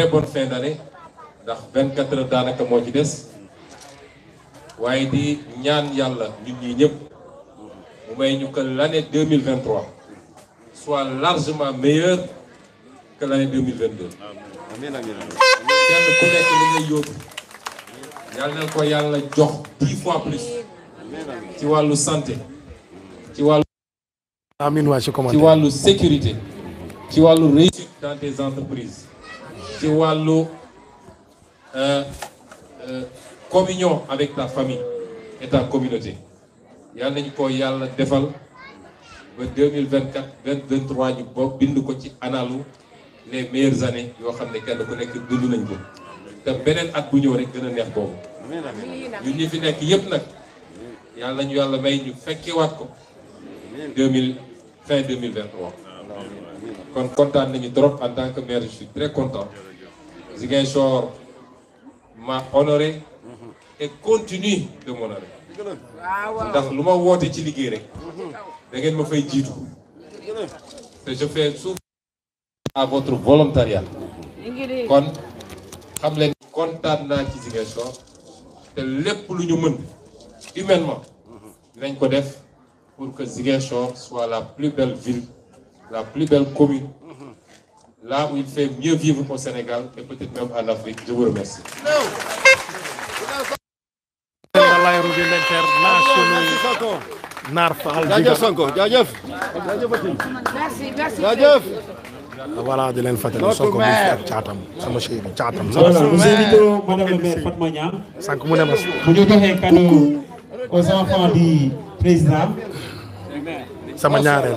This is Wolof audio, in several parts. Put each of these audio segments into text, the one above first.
très bonne fin d'année ndax daanaka moo ci des waaye di ñaan yàlla ñun ñii ñu que l'année 2023 soit largement meilleure que l'année 2022 amiin amiin kenn ci wàllu santé ci wàllu amiin ci wàllu sécurité ci wàllu réussite dans tes entreprises ci wàllu euh, euh, communion avec ta famille et ta communauté yàlla nañu ko yàlla defal ba 2024 2023 ñu bokk bind ko ci analu les meilleures années yoo xam ne kenn ku nekk dund nañ ko te beneen at bu ñëw rek gën a neex boobu ñun ñi fi nekk yëpp nag yàlla nañu yàlla may ñu fekkewaat ko mille fin 2023 kon kontaan nañu trop en tant que maire je très content Ziguinchor m'a honoré et continue de m'honorer ndax lu ma woote ci liggéey rek da ma fay jiitu te je fais souvent à votre volontariat kon xam leen kontaan naa ci Ziguinchor te lépp lu ñu mën humainement dinañ ko def pour que Ziguinchor soit la plus belle ville la plus belle commune là où il fait mieux vivre qu'au Sénégal et peut-être même en Afrique. Je vous remercie. voilà di leen fàttali Sonko mu ak caatam sama chéri caatam. voilà nous invitons madame le maire Fatma Niang. sànq mu ne ma. bu ñu joxee cadeau aux enfants du président. sama ñaareel.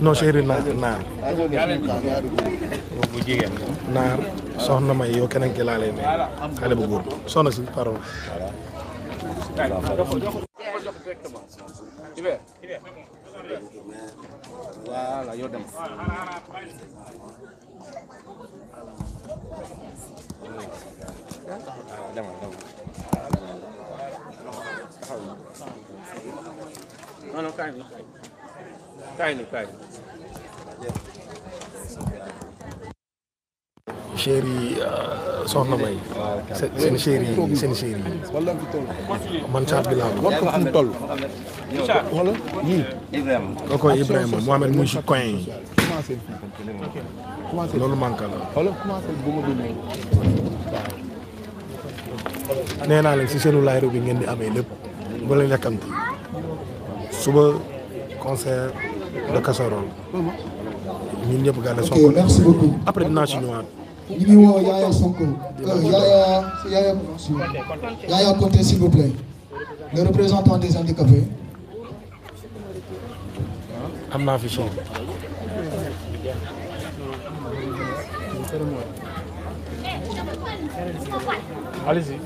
non chéri naar naar soxna may yow keneen ki laa lay may bu góor soxna si pardon voilà kaay na kaay chéri yi euh, soxna May. seen chéri yi man caat laa ko. war ko fu mu toll. yii. kooku Ibrahima Mohamed muy si coin yi. loolu manqué la. nee naa leen si seenu laayru bi ngeen di amee lépp. bu leen suba concert. de casserole ñun ñëpp gàlle Sonko ok après dinaa si ñëwaat. ñu ngi woo Yaya Sonko. Euh, Yaya Yaya Yaya Conté s'il vous plaît. le représentant des handicapés. am naa fi son. Allez-y.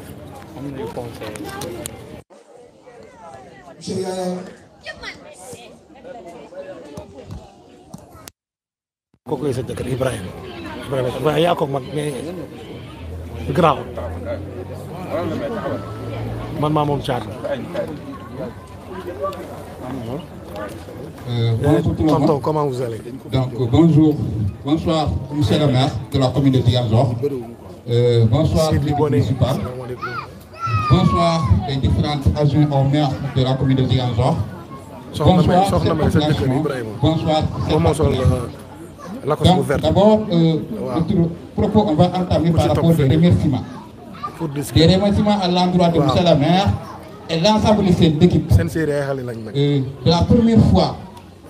kooku sa jëkkër Ibrahima Ibrahima yaa ko mag grand man maa moom caat Euh, bonjour tout le monde. comment vous allez Donc bonjour, bonsoir monsieur le maire de la commune de Tiganzor. Euh, bonsoir l'équipe municipale. Bonsoir les différentes agents au maire de la commune de Tiganzor. Bonsoir, bonsoir, bonsoir, bonsoir D'abord, euh, propos, on va entamer par rapport aux remerciements. Des remerciements à l'endroit de wow. Michel la maire et l'ensemble de cette euh, la première fois,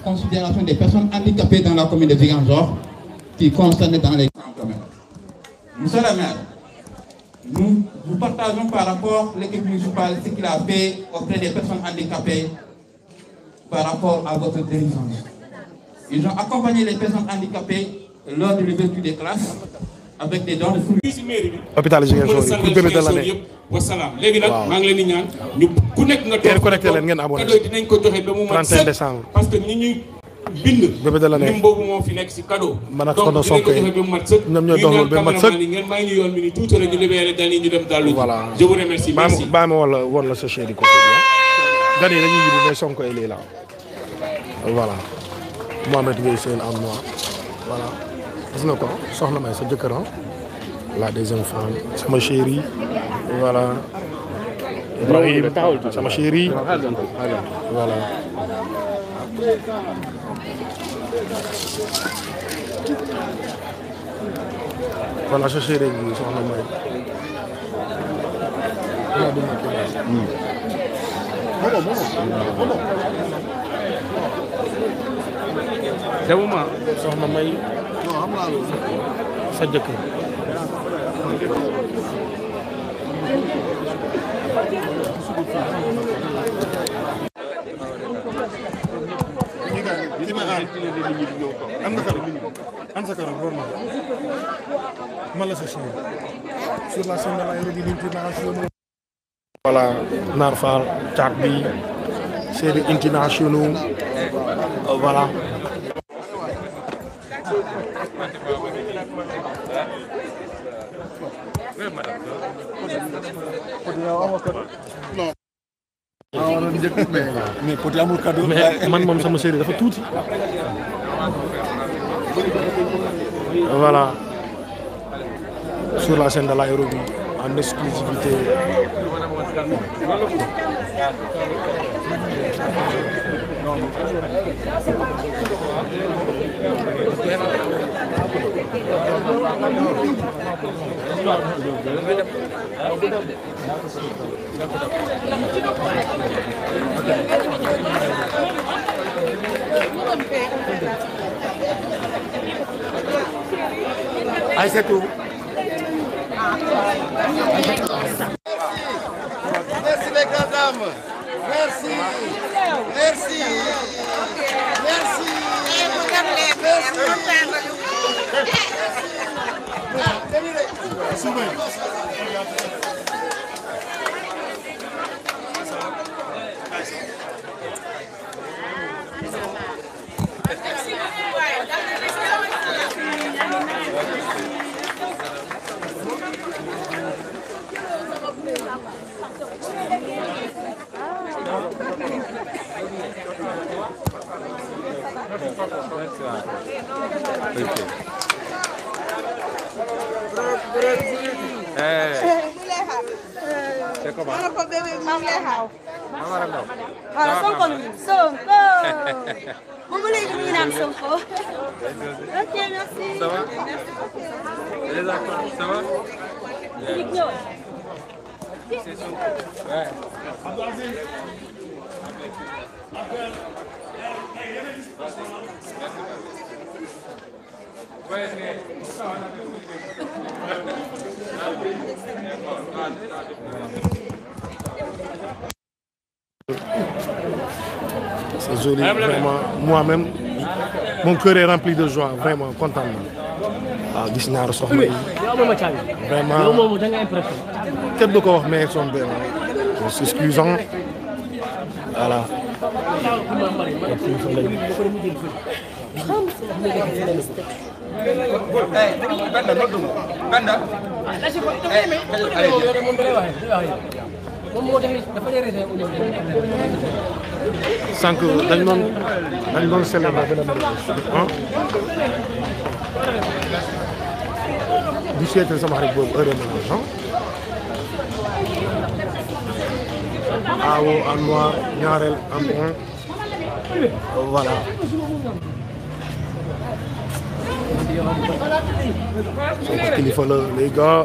considération des personnes handicapées dans la commune de Viganjor qui concerne dans les grands Monsieur le maire, nous vous partageons par rapport l'équipe municipale ce qu'il a fait auprès par rapport à votre dirigeance. Ils ont accompagné les personnes handicapées lors de l'ouverture des classes avec des dons de fruits. hôpital Ziguinchor yi pour bébé de l'année. wasalaam léegi nag maa ngi leen di ñaan. ñu ku nekk nga. ngeen connecté leen ngeen abonné cadeau dinañ ko joxe ba mu mat 31 décembre. parce que ñi ñuy bind. bébé de l'année boobu moo fi nekk si cadeau. man ak Soxna Sonko yi ñoom ñoo doxal ba mu mat sëkk. ngeen may ñu yoon bi ni tuuti rek ñu libéré daan yi ñu dem dàllu. voilà je vous remercie merci. baa ma woon la woon la sa chéri ko. gan yi dañuy yóbbu mais Sonko yi lii la voilà. Mohamed Gueye Sène en noir voilà gis na ko soxna may sa jëkkëram ah. la deuxième femme sama chérie voilà Ibrahim sama chérie voilà voilà sa chérie soxna may demuma soxna may sa jëkkër am nga karo la sa chaîne sur la chaîne la radio internationale voilà Naar Fall caat bi série mais Pod amul cadeau. mais man moom sama série dafa tuuti. voilà sur la scène de l'aérobie en exclusivité ay c'est tout merci les grandes dames merci merci merci merci Subir. Honorable Bébé maa ngi lay xaaw. voilà Sonko lu Sonko. moom ba léegi ñu naan Sonko. ok merci. ça va. les accords ça va. c'est Sonko. ouais. joli vraiment moi-même mon cœur est rempli de joie vraiment kontaan ah, na waaw gis naa soxna yi vraiment kenn du ko wax mais son benn s'excusant voilà. sànq dañ doon dañ doon célébrer ah di seetal sama xarit boobu heure ménage ah awo en noir ñaareel en brun voilà sama kilifa la les gars